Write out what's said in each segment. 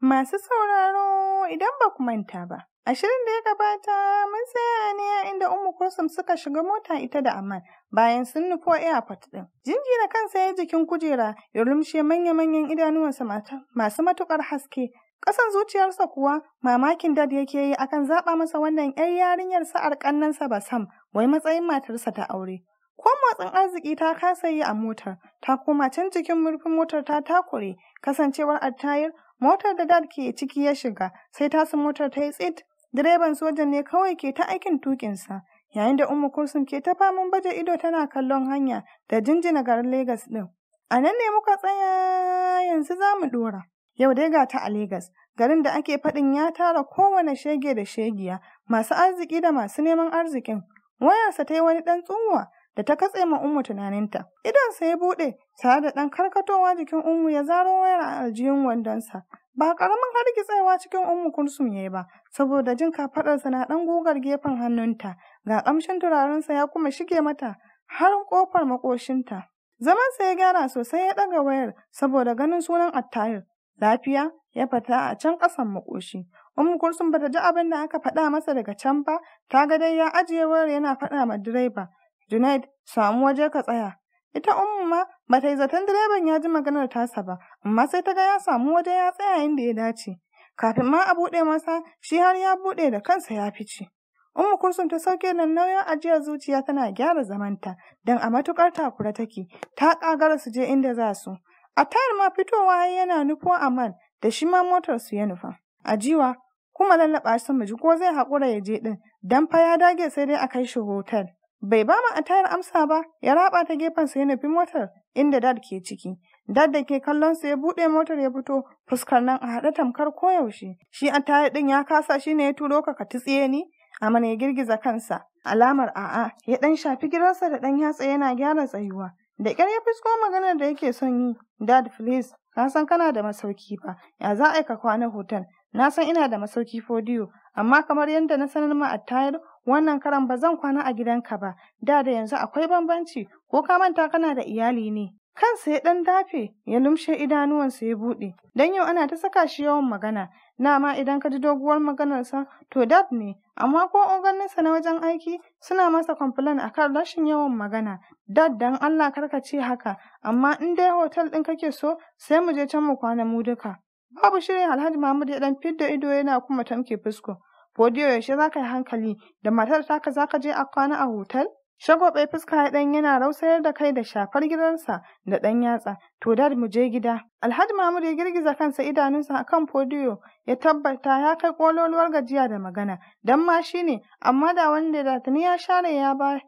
Masu sauraro idan ba ku manta ba, a shirin da ya gabata mun tsaya ne a inda Ummu Kulsum suka shiga mota ita da Aman bayan sun nufo airport din. na kansa ya jikin kujera ya rumshe manya-manyan idanuwansa masu matukar haske. Kasan zuciyarsa kuwa mamakin dad yake yi akan zaɓa masa wannan 'yar yarinyar sa'ar kannansa Basam wai matsayin matarsa ta aure. ko motsin arziki ta kasa yi a motar ta koma can cikin murfin motar ta takure kasancewar attayar Motar da dad ke ciki ya shiga, sai tasin motar ta yi tsit. Direban sojan ne kawai ke ta aikin tukinsa. Yayin da Umu kursun ke ta faman baje ido tana kallon hanya da jinjina garin Legas ɗin. A nan ne muka tsaya yanzu za mu ɗora. Yau dai ga ta a Legas, garin da ake faɗin ya tara kowane shege da shegiya, masu arziki da masu neman arzikin. Wayarsa ta yi wani ɗan tsunwa, da ta katse ma Umu tunaninta. Idan sai ya buɗe tare da ɗan karkatowa jikin Ummu ya zaro wayar a aljihun wandonsa. Ba ƙaramin hargitsewa cikin Ummu Kulsum ya yi ba, saboda jin kafaɗarsa na ɗan gugar gefen hannunta, ga ƙamshin turarensa ya kuma shige mata har ƙofar maƙoshinta. Zamansa ya gyara sosai ya ɗaga wayar saboda ganin sunan attahir Lafiya ya fata a can ƙasan maƙoshi. Ummu kursun bata ji abin da aka faɗa masa daga can ba, ta ga dai ya ajiye wayar yana faɗa ma direba. Junaid, samu waje ka tsaya. Ita umma ba ta yi zaton direban ya ji maganar tasa ba, amma sai ta ga ya samu waje ya tsaya inda ya dace. Kafin ma a buɗe masa, shi har ya buɗe da kansa ya fice. Ummu kursun ta sauke nan nauyin ajiyar zuciya tana gyara zamanta, don a matukar takura take, ta ƙagara su je inda za su. A tayar ma fitowa yana nufo Aman da shi ma motar su ya nufa. Ajiwa kuma lallaɓa shi ji ko zai haƙura ya je ɗin, don fa ya dage sai dai a kai shi hotel. Bai ba mu atayar amsa ba, ya raba ta gefensa ya nufi motar inda dad ke ciki. Dad da ke kallon sa ya buɗe motar ya fito, fuskar nan a haɗe tamkar koyaushe. Shi atayar ɗin ya kasa shi ne ya turo ka ka tsiye ni, Aman ya girgiza kansa. Alamar a'a ya ɗan shafi gidansa da ɗan yatsa yana gyara tsayuwa. Da ƙyar ya fusko maganar da yake son yi, Dad please, ka san kana da masauki ba. ya za a ka kwana hotel, na san ina da masauki fodiyo, amma kamar yadda na sanar ma attayar wannan karan ba zan kwana a gidanka ba, da da yanzu akwai bambanci, ko ka manta kana da iyali ne. Kansa ya ɗan dafe, ya lumshe idanuwansa ya buɗe, don yau ana ta saka shi yawan magana, na ma idan ka ji doguwar maganarsa, to dad ne, amma ko oganninsa na wajen aiki suna masa kwamfulan akan rashin yawan magana. Dad dan Allah karka ce haka, amma in dai hotel ɗin kake so, sai mu je can mu kwana mu duka. Babu shirin Alhaji Mahmud ya ɗan fidda ido yana kuma tamke fusko. podiyo yaushe za ka yi hankali da matar taka za ka je a kwana a hotel? Shagwaɓe fuska ya ɗan yana rausayar da kai da shafar gidansa da ɗan yatsa. To dad mu je gida. Alhaji Mahmud ya girgiza kansa idanunsa a kan fodiyo ya tabbata ya kai ƙololuwar gajiya da magana. Dan ma shi ne, amma da wanda da tuni ya share ya bar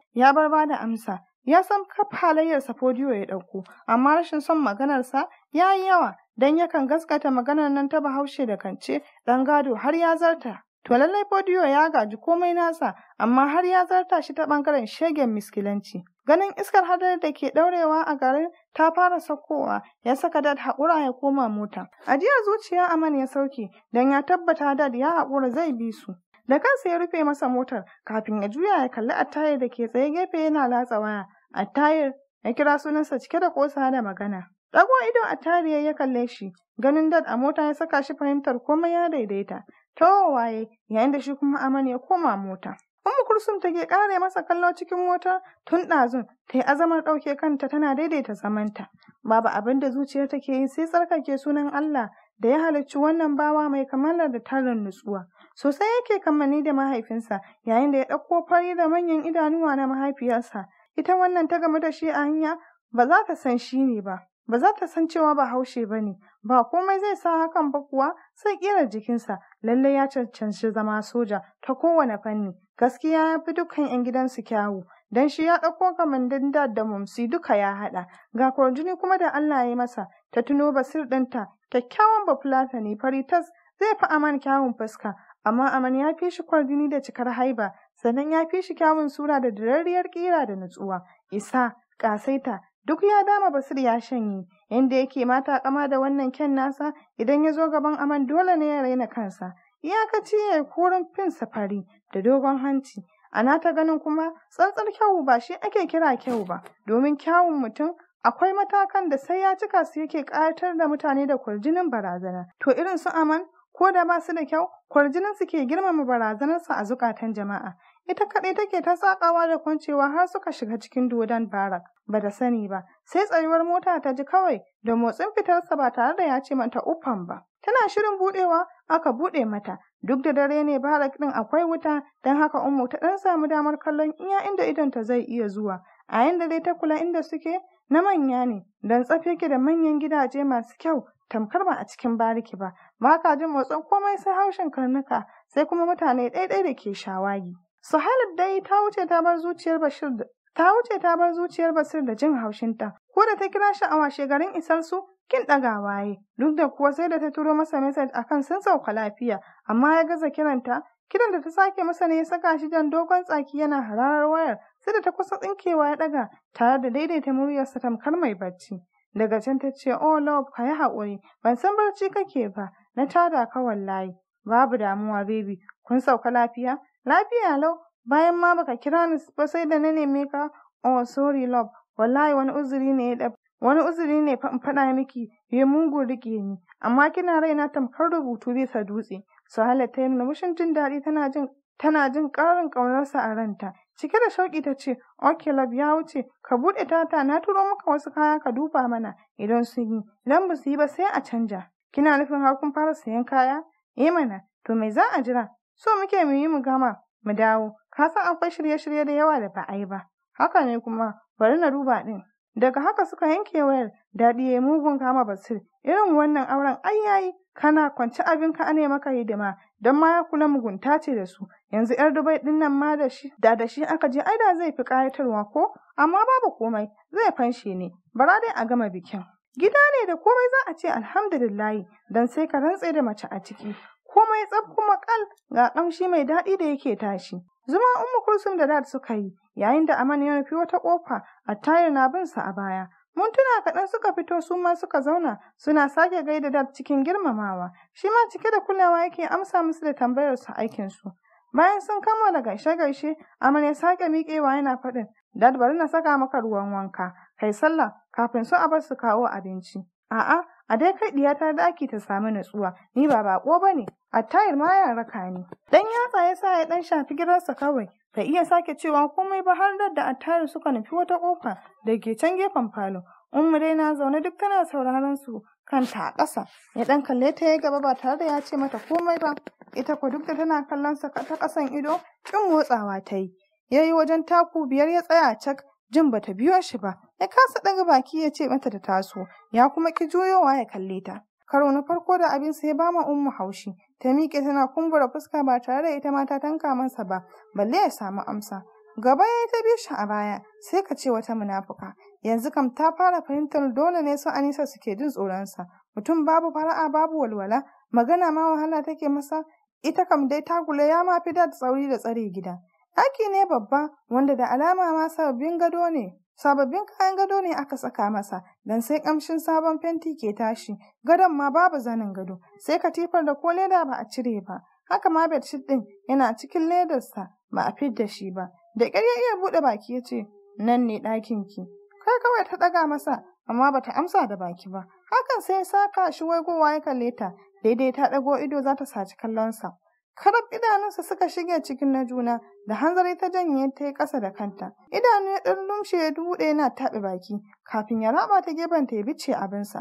ba da amsa. Ya san kaf halayyarsa fodiyo ya ɗauko, amma rashin son maganarsa ya yi yawa. Dan yakan gaskata maganar nan ta bahaushe da kance ɗan gado har ya zarta. To lallai Fodiyo ya gaji komai nasa, amma har ya zarta shi ta ɓangaren shegen miskilanci. Ganin iskar hadari da ke ɗaurewa a garin ta fara saukowa ya saka dad haƙura ya koma mota. Ajiyar zuciya Aman ya sauke don ya tabbata dad ya haƙura zai bi su. Da kansa ya rufe masa motar kafin ya juya ya kalli attayar da ke tsaye gefe yana latsa waya. Attayar ya kira sunansa cike da ƙosa da magana. Ɗago ido a tariya ya kalle shi, ganin dad a mota ya saka shi fahimtar komai ya daidaita. ta waye, yayin da shi kuma Aman ya koma mota. Ummu Kursum take kare masa kallo cikin motar tun ɗazun ta yi azamar ɗauke kanta tana daidaita zamanta. Babu abin da zuciya take yi sai tsarkake sunan Allah da ya halicci wannan bawa mai kamalar da tarin nutsuwa. Sosai yake kamanni da mahaifinsa yayin da ya ɗauko fari da manyan idanuwa na mahaifiyarsa. Ita wannan ta gamu da shi a hanya ba za ta san shi ne ba. Ba za ta san cewa ba haushe ba ne, ba komai zai sa hakan ba kuwa sai ƙirar jikinsa, lallai ya cancanci zama soja ta kowane fanni gaskiya ya fi dukkan 'yan gidansu kyawu dan shi ya ɗauko kamar dinda da mumsi duka ya haɗa ga kwarjini kuma da Allah ya yi masa ta tuno basir ɗinta kyakkyawan bafulata ne faritas zai fi aman kyawun fuska amma aman ya fi shi kwarjini da cikar haiba sannan ya fi shi kyawun sura da dirarriyar ƙira da nutsuwa isa ƙasaita Duk ya dama Basir ya shanye, Inda yake mata kama da wannan kyan nasa idan ya zo gaban aman dole ne ya raina kansa. Iyakaci ya yi korin fin safari da dogon hanci. Ana ta ganin kuma tsantsar kyau ba shi ake kira kyau ba, domin kyawun mutum akwai matakan da sai ya cika su yake ƙayatar da mutane da kwarjinin barazana. To irin su aman ko da ba su da kyau, kwarjinin su ke girmama barazanarsa a zukatan jama'a. Ita kaɗai take ta saƙawa da kwancewa har suka shiga cikin dodon barak. ba da sani ba, sai tsayuwar mota ta ji kawai da motsin fitarsa ba tare da ya ce mata uffan ba. Tana shirin buɗewa aka buɗe mata, duk da dare ne barak ɗin akwai wuta, don haka Ummu ta ɗan samu damar kallon iya inda idonta zai iya zuwa. A yanda dai ta kula inda suke na manya ne, don tsafe ke da manyan gidaje masu kyau tamkar ba a cikin bariki ba, ba ka jin motsin komai sai haushin karnuka, sai kuma mutane ɗaiɗai da ke shawagi. Suhailu dai ta wuce ta bar zuciyar Bashir Ta wuce ta bar zuciyar Basir da jin haushinta, ko da ta kira shi a washe garin isarsu, kin ɗaga waye, duk da kuwa sai da ta turo masa message akan sun sauka lafiya, amma ya gaza kiranta, kiran da ta sake masa ne ya saka shi jan dogon tsaki yana hararar wayar, sai da ta kusa tsinkewa ya ɗaga tare da daidaita muryarsa tamkar mai bacci. Daga can ta ce, Oh love, ka yi haƙuri, ban san barci kake ba, na tada ka wallahi. Babu damuwa, baby, kun sauka lafiya? Lafiya lau, Bayan ma baka kira ni ba sai da na neme ka. Oh sorry love, wallahi wani uzuri ne ya dab. Wani uzuri ne fa in faɗa miki ya mugun rike ni, amma kina raina tamkar rubutu bisa dutse. Sahala ta yi mushin jin daɗi tana jin tana jin ƙarin ƙaunarsa a ranta. Cike da shauƙi ta ce, "Ok, love ya wuce, ka buɗe tata na turo maka wasu kaya ka duba mana idan sun yi, idan ba su yi ba sai a canja." Kina nufin har kun fara sayan kaya? Eh mana, to me za a jira? So muke mu yi mu gama, mu dawo, ka san akwai shirye-shirye da yawa da ba a yi ba. Haka ne kuma, bari na duba ɗin. Daga haka suka yanke wayar, daɗi ya yi mugun kama Basir. Irin wannan auren ai yayi, kana kwanci ka ne maka hidima, don ma ya kula mugunta ce da su. Yanzu 'yar Dubai ɗin nan ma da shi, da da shi aka je ai da zai fi ƙayatarwa ko? Amma babu komai, zai fanshe ne, bara dai a gama bikin. Gida ne da komai za a ce alhamdulillahi, don sai ka rantse da mace a ciki. komai tsaf kuma kal ga kamshi mai daɗi da yake tashi. Zuma Ummu Kulsum da Dad suka yi, yayin da Aman ya nufi wata ƙofa, a tayar na bin sa a baya. tuna kaɗan suka fito su ma suka zauna, suna sake gaida Dad cikin girmamawa. Shi ma cike da kulawa yake amsa musu da tambayar su aikin su. Bayan sun kammala gaishe-gaishe, Aman ya sake miƙewa yana faɗin, Dad bari na saka maka ruwan wanka, kai sallah kafin su a bar su kawo abinci. A'a, a dai kai ɗiyata daki ta sami nutsuwa. ni ba baƙo ba ne. Attayar ma ya raka ni. Dan yatsa ya sa ya dan shafi gidansa kawai. Bai iya sake cewa komai ba har da attayar suka nufi wata kofa da ke can gefen falo. Umma dai na zaune duk tana sauraron su kanta a ƙasa. Ya dan kalle ta ya gaba ba tare da ya ce mata komai ba. Ita ko duk da tana kallon sa ta ƙasan ido, kin motsawa ta yi. Ya yi wajen taku biyar ya tsaya a cak jin bata biyo shi ba. Ya kasa ɗaga baki ya ce mata ta taso, ya kuma ki juyowa ya kalle ta. Karo na farko da abin sai ba ma ummu haushi, ta miƙe tana kumbura fuska ba tare da ita ma ta tanka masa ba, balle ya samu amsa. Gaba ya ta bi shi a baya, sai ka ce wata munafuka. Yanzu kam ta fara fahimtar dole ne su Anisa suke jin tsoronsa. Mutum babu fara'a babu walwala, magana ma wahala take masa, ita kam dai tagula ya ma fi da tsauri da tsare gida. Ɗaki ne babba, wanda da alama ma sababbin gado ne, Sababbin kayan gado ne aka saka masa, don sai kamshin sabon fenti ke tashi, gadon ma babu zanin gado, sai katifar da ko leda ba a cire ba. Haka ma bedsheet ɗin yana cikin ledarsa ba a fidda shi ba. Da ƙyar ya iya buɗe baki ya ce, nan ne ɗakin ki. Kai kawai ta ɗaga masa, amma ba ta amsa da baki ba. Hakan sai ya saka shi waigowa ya kalle ta, daidai ta ɗago ido za ta saci kallonsa. Karab idanunsa suka shige cikin na juna, da hanzari ta janye ta yi ƙasa da kanta. Idanu ya ɗan lumshe ya buɗe na taɓe baki, kafin ya raba ta gefen ta ya bice abinsa.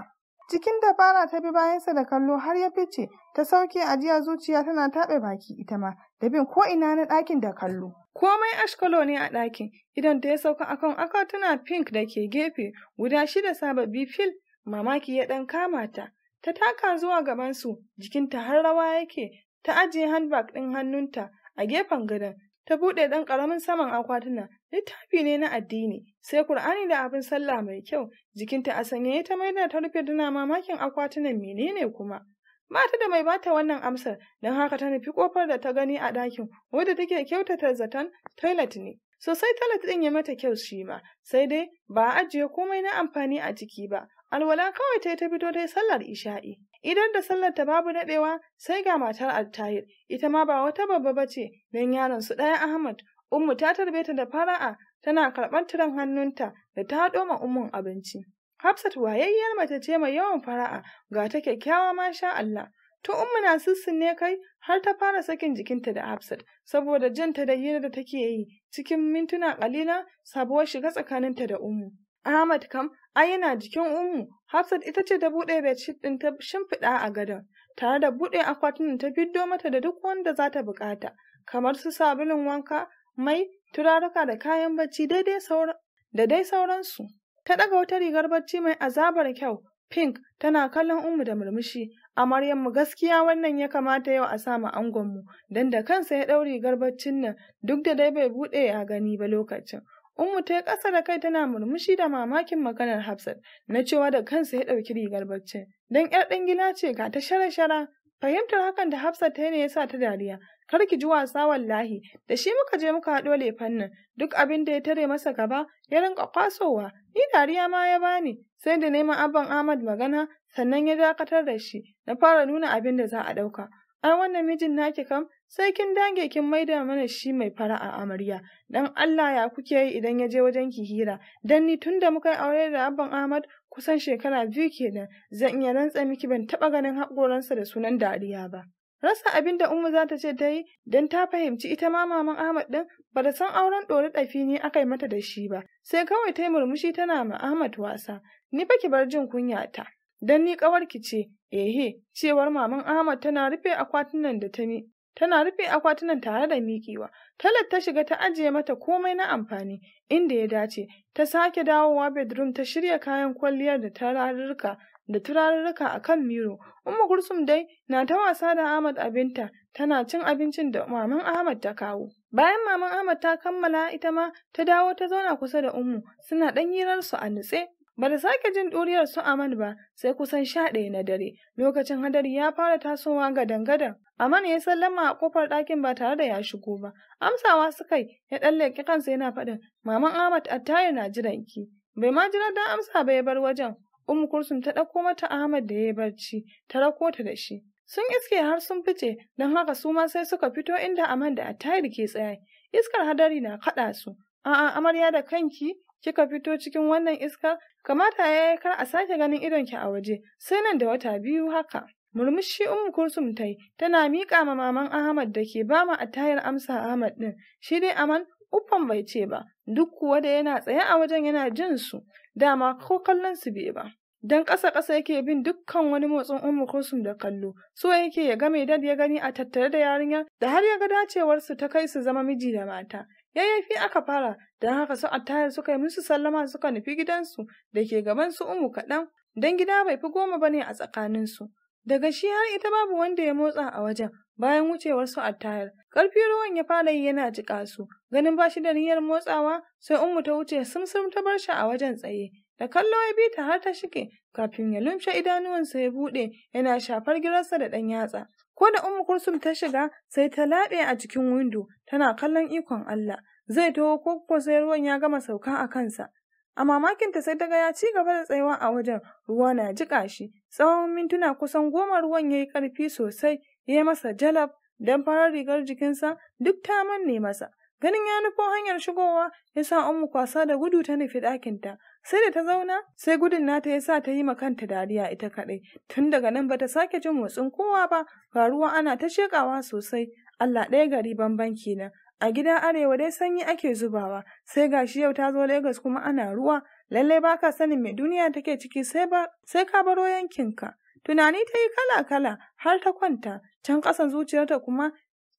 Cikin dabara ta bi bayansa da kallo har ya fice, ta sauke ajiya zuciya tana taɓe baki ita ma, da bin ko ina na ɗakin da kallo. Komai ashkalo ne a ɗakin, idan ta ya sauka akan akwatuna pink da ke gefe, guda shida sababbi fil, mamaki ya ɗan kama ta. ta taka zuwa gabansu jikinta har rawa yake ta ajiye handbag ɗin hannunta a gefen gadon ta buɗe ɗan ƙaramin saman akwatuna littafi ne na addini sai Kur'ani da abin sallah mai kyau jikinta a sanye ta da ta rufe tana mamakin akwatunan menene kuma ba da mai bata wannan amsar don haka ta nufi kofar da ta gani a ɗakin wadda take kyautata zaton toilet ne sosai toilet ɗin ya mata kyau shi ma sai dai ba a ajiye komai na amfani a ciki ba alwala kawai ta yi ta fito ta sallar isha'i idan da sallar ta babu daɗewa sai ga matar Altahir ita ma ba wata babba ba ce don yaron su ɗaya Ahmad Ummu ta tarbe ta da fara'a tana karɓar turan hannunta da ta haɗo ma ummun abinci. Hafsat wayayyar mace ce mai yawan fara'a ga ta kyakkyawa masha Allah. To ummu na sissinne kai har ta fara sakin jikinta da Hafsat saboda janta da hira da take yi cikin mintuna kalila sabuwar shiga tsakaninta da ummu. Ahmad kam ai yana jikin umu Hafsat ita ce ta buɗe bedsheet ɗin ta shimfiɗa a gadon, tare da buɗe akwatin ta fiddo mata da duk wanda za ta buƙata, kamar su sabulun wanka, mai, turaruka da kayan bacci daidai sauran da dai sauransu. Ta ɗaga wata rigar bacci mai azabar kyau, pink, tana kallon umu da murmushi. A maryam gaskiya wannan ya kamata yau a sama angonmu, don da kansa ya ɗau rigar baccin nan duk da dai bai buɗe a gani ba lokacin. Ummu ta yi ƙasa da kai tana murmushi da mamakin maganar Hafsat na cewa da kansa ya ɗauki rigar barci, Don ‘yar ɗangila ce ga ta shara-shara. Fahimtar hakan da Hafsat ta yi ne ya sa ta dariya. Kar ki ji wasa wallahi, da shi muka je muka haɗo lefan nan, duk abin da ya tare masa gaba ya rinƙa kwasowa, ni dariya ma ya bani, sai da neman abban Ahmad magana sannan ya dakatar da shi, na fara nuna abin da za a ɗauka. Ai wannan mijin naki kam sai kin dange kin maida mana shi mai fara a amarya. Dan Allah ya kuke yi idan ya je wajen ki hira. Dan ni tunda muka yi aure da Abban Ahmad kusan shekara biyu kenan zan iya rantsa miki ban taba ganin haƙoransa da sunan dariya ba. Rasa abin da Ummu za ta ce ta yi dan ta fahimci ita ma maman Ahmad ɗin ba da san auren ɗori ɗafi ne aka yi mata da shi ba, sai kawai ta yi murmushi tana ma Ahmad wasa, ni fa ki bar jin kunya ta. Dan ni ƙawarki ce, ehe, cewar maman Ahmad tana rufe akwatunan da ta ni. Tana rufe akwatunan tare da miƙewa. Talat ta shiga ta ajiye mata komai na amfani, inda ya dace. Ta sake dawowa bedroom ta shirya kayan kwalliyar da tararruka da turarurruka a kan miro. Umma Gursum dai na ta wasa da Ahmad abinta, tana cin abincin da maman Ahmad ta kawo. Bayan maman Ahmad ta kammala ita ma ta dawo ta zauna kusa da Ummu, suna ɗan su a nutse Bada da sake jin ɗuriyar su Aman ba, sai kusan sha ɗaya na dare, lokacin hadari ya fara tasowa ga dangadan. Aman ya sallama a kofar ɗakin ba tare da ya shigo ba. Amsawa su kai, ya ki kansa yana faɗin, Maman Ahmad Atayir na jiran ki. Bai ma jira don amsa ba ya bar wajen. Ummu Kulsum ta ɗauko mata Ahmad da ya yi barci, ta rako ta da shi. Sun iske har sun fice, don haka su ma sai suka fito inda Aman da Attayar ke tsaye. Iskar hadari na kaɗa su. A'a, amarya da kanki, kika fito cikin wannan iskar? kamata ya yi kar a sake ganin idonki a waje, sai nan da wata biyu haka. Murmushi Ummu Kursum ta yi, tana miƙa ma maman Ahmad da ke bama a tayar amsa Ahmad ɗin, shi dai aman uffan bai ce ba, duk kuwa da yana tsaye a wajen yana jin su, dama ko kallon su bai ba. Dan ƙasa-ƙasa yake bin dukkan wani motsin Ummu Kursum da kallo, so yake ya ga mai dad ya gani a tattare da yarinya da har ya ga dacewarsu ta kai su zama miji da mata. Yayyafi aka fara, don haka su attayar suka yi musu sallama suka nufi gidansu da ke gaban su umu kaɗan, don gida bai fi goma ba ne a tsakaninsu. Daga shi har ita babu wanda ya motsa a wajen bayan wucewar su attayar. Ƙarfi ruwan ya fara yi yana jiƙa su, ganin ba shi da niyyar motsawa sai umu ta wuce sumsum ta bar shi a wajen tsaye. Da kallo ya bi ta har ta shige kafin ya lumshe idanuwansa ya buɗe yana shafar girarsa da ɗan yatsa. Ko da Umu Kulsum ta shiga sai ta laɓe a cikin windo tana kallon ikon Allah. Zai taho ko ko sai ruwan ya gama sauka a kansa. A mamakinta sai daga ya ci gaba da tsayawa a wajen ruwa na jiƙa shi. Tsawon mintuna kusan goma ruwan yayi yi ƙarfi sosai yayi masa jalab dan fara rigar jikinsa duk ta manne masa. Ganin ya nufo hanyar shigowa ya sa Ummu kwasa da gudu ta nufi ɗakinta. Sai da ta zauna, sai gudun nata ya sa ta yi kanta dariya ita kaɗai. Tun daga nan ba ta sake jin motsin kowa ba, faruwa ana ta sheƙawa sosai. Allah ɗaya gari banban kenan. A gida arewa dai sanyi ake zubawa, sai gashi yau ta zo Legas kuma ana ruwa. Lallai baka sanin mai duniya take ciki sai ba sai ka baro yankinka. Tunani ta yi kala-kala har ta kwanta, can ƙasan zuciyarta kuma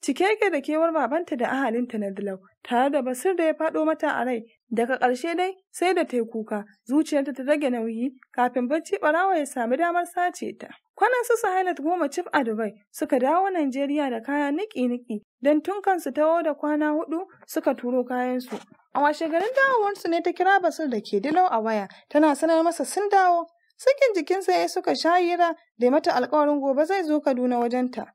Cike yake da kewar babanta da ahalinta na Dilau, tare da basir da ya faɗo mata a rai, daga ƙarshe dai sai da ta yi kuka, zuciyarta ta rage nauyi kafin barci ɓarawa ya sami damar sace ta. Kwanan su Sahilat goma cif a Dubai suka dawo Najeriya da kaya niki-niki don tun kansu tawo da kwana hudu suka turo kayansu. A washe garin dawowarsu ne ta kira Basir da ke Dilau a waya, tana sanar masa sun dawo. Sakin jikinsa ya suka shayira da mata alkawarin gobe zai zo Kaduna wajenta.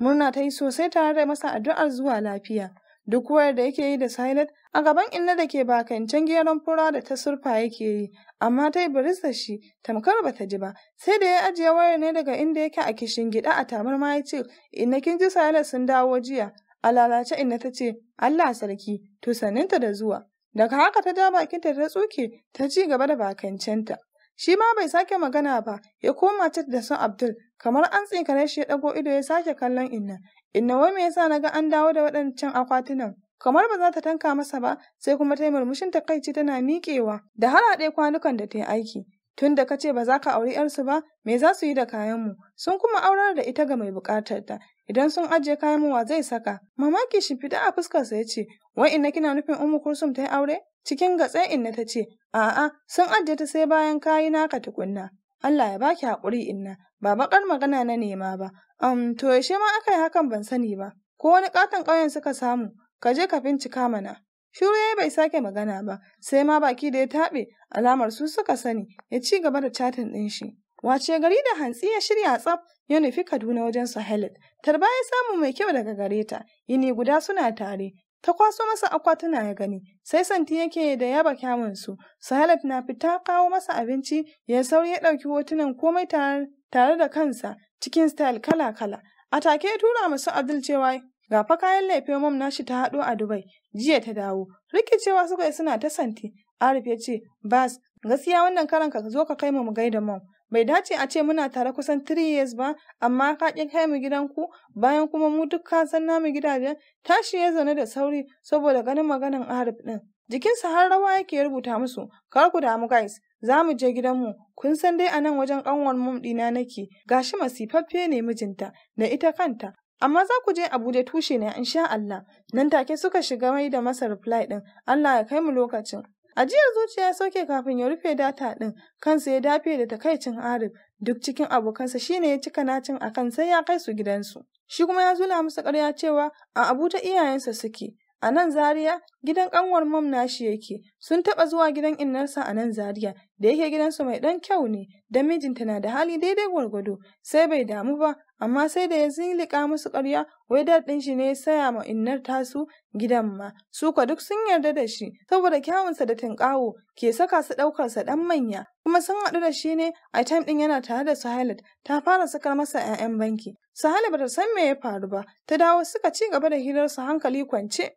Murna ta yi sosai tare da masa addu'ar zuwa lafiya. Duk wayar da yake yi da silent a gaban inna da ke bakancan geron fura da ta surfa yake yi, amma ta yi baris da shi, tamkar ba ta ji ba, sai da ya ajiye wayar ne daga inda yake a kishin gida a tamar ma ya ce, inna kin ji silent sun dawo jiya. A lalace inna ta ce, Allah sarki, to saninta da zuwa. Daga haka ta ja bakinta ta tsuke, ta ci gaba da bakancenta. Shi ma bai sake magana ba, ya koma cat da son Abdul, kamar an tsinkare shi ya ɗago ido ya sake kallon Inna. Inna wai me yasa naga an dawo da waɗancan akwatunan? Kamar ba za ta tanka masa ba, sai kuma ta yi murmushin takaici tana miƙewa da har haɗe kwanukan da ta yi aiki. Tun da ka ce ba za ka auri ‘yarsu ba, me za su yi da kayanmu? Sun kuma aurar da ita ga mai buƙatar ta. Idan sun ajiye kayanmu wa zai saka? Mamaki shi fita a fuskarsa ya ce, wai ina kina nufin Umu kursum ta yi aure? Cikin gatse inna ta ce, A'a, sun ajiye ta sai bayan kayi naka tukunna. Allah ya baki hakuri inna, ba bakar magana na nema ba. Um, to yaushe ma aka yi hakan ban sani ba, ko wani ƙaton ƙauyen suka samu, ka je ka bincika mana. Shiru ya bai sake magana ba, sai ma baki da ya taɓe, alamar su suka sani, ya ci gaba da catin ɗin shi. Wace gari da hantsi ya shirya tsaf ya nufi Kaduna wajen Sahelit. Tarba ya samu mai kyau daga gare ta, yini guda suna tare, Ta kwaso masa akwatuna ya gani, sai santi yake da yaba kyamunsu, Sahalat na fita kawo masa abinci, ya sauri ya ɗauki hotunan komai tare da kansa cikin style kala-kala. A take ya tura masu Abdul cewa ga fa kayan laifin mom na shi ta haɗo a Dubai, jiya ta dawo. Rikicewa suka yi suna ta santi, Arif ya ce, Bas, gaskiya wannan karanka ka zo ka kai mu mu gaida mom. bai dace a ce muna tare kusan 3 years ba amma ka ƙi kai mu gidanku bayan kuma mu duk ka san namu gidajen tashi ya zaune da sauri saboda ganin maganan arif ɗin jikinsa har rawa yake rubuta musu kar ku damu guys za mu je gidanmu kun san dai anan wajen kanwar mum ɗina nake gashi masifaffe ne mijinta da ita kanta amma za ku je Abuja tushe ne insha Allah nan take suka shiga mai da masa reply din Allah ya kai mu lokacin Ajiyar zuciya ya sauke kafin ya rufe data ɗin, kansa ya dafe da takaicin Arif, duk cikin abokansa shine ya cika nacin akan sai ya kai su gidansu. Shi kuma ya zula musu karya cewa a abu ta iyayensa suke. A nan Zaria, gidan ƙanwar mam nashi yake, sun taɓa zuwa gidan innarsa a nan Zaria, da yake gidansu mai ɗan kyau ne don mijinta na da hali daidai gwargwado sai bai damu ba amma sai da ya zilika musu ƙarya wai dad ɗin shi ne ya saya ma innar tasu gidan ma su ka duk sun yarda da shi saboda kyawunsa da tinƙawo ke saka su ɗaukarsa ɗan manya kuma sun haɗu da shi ne a time ɗin yana tare da Suhailat ta fara sakar masa 'ya'yan banki Suhailat bata san me ya faru ba ta dawo suka ci gaba da hirar su hankali kwance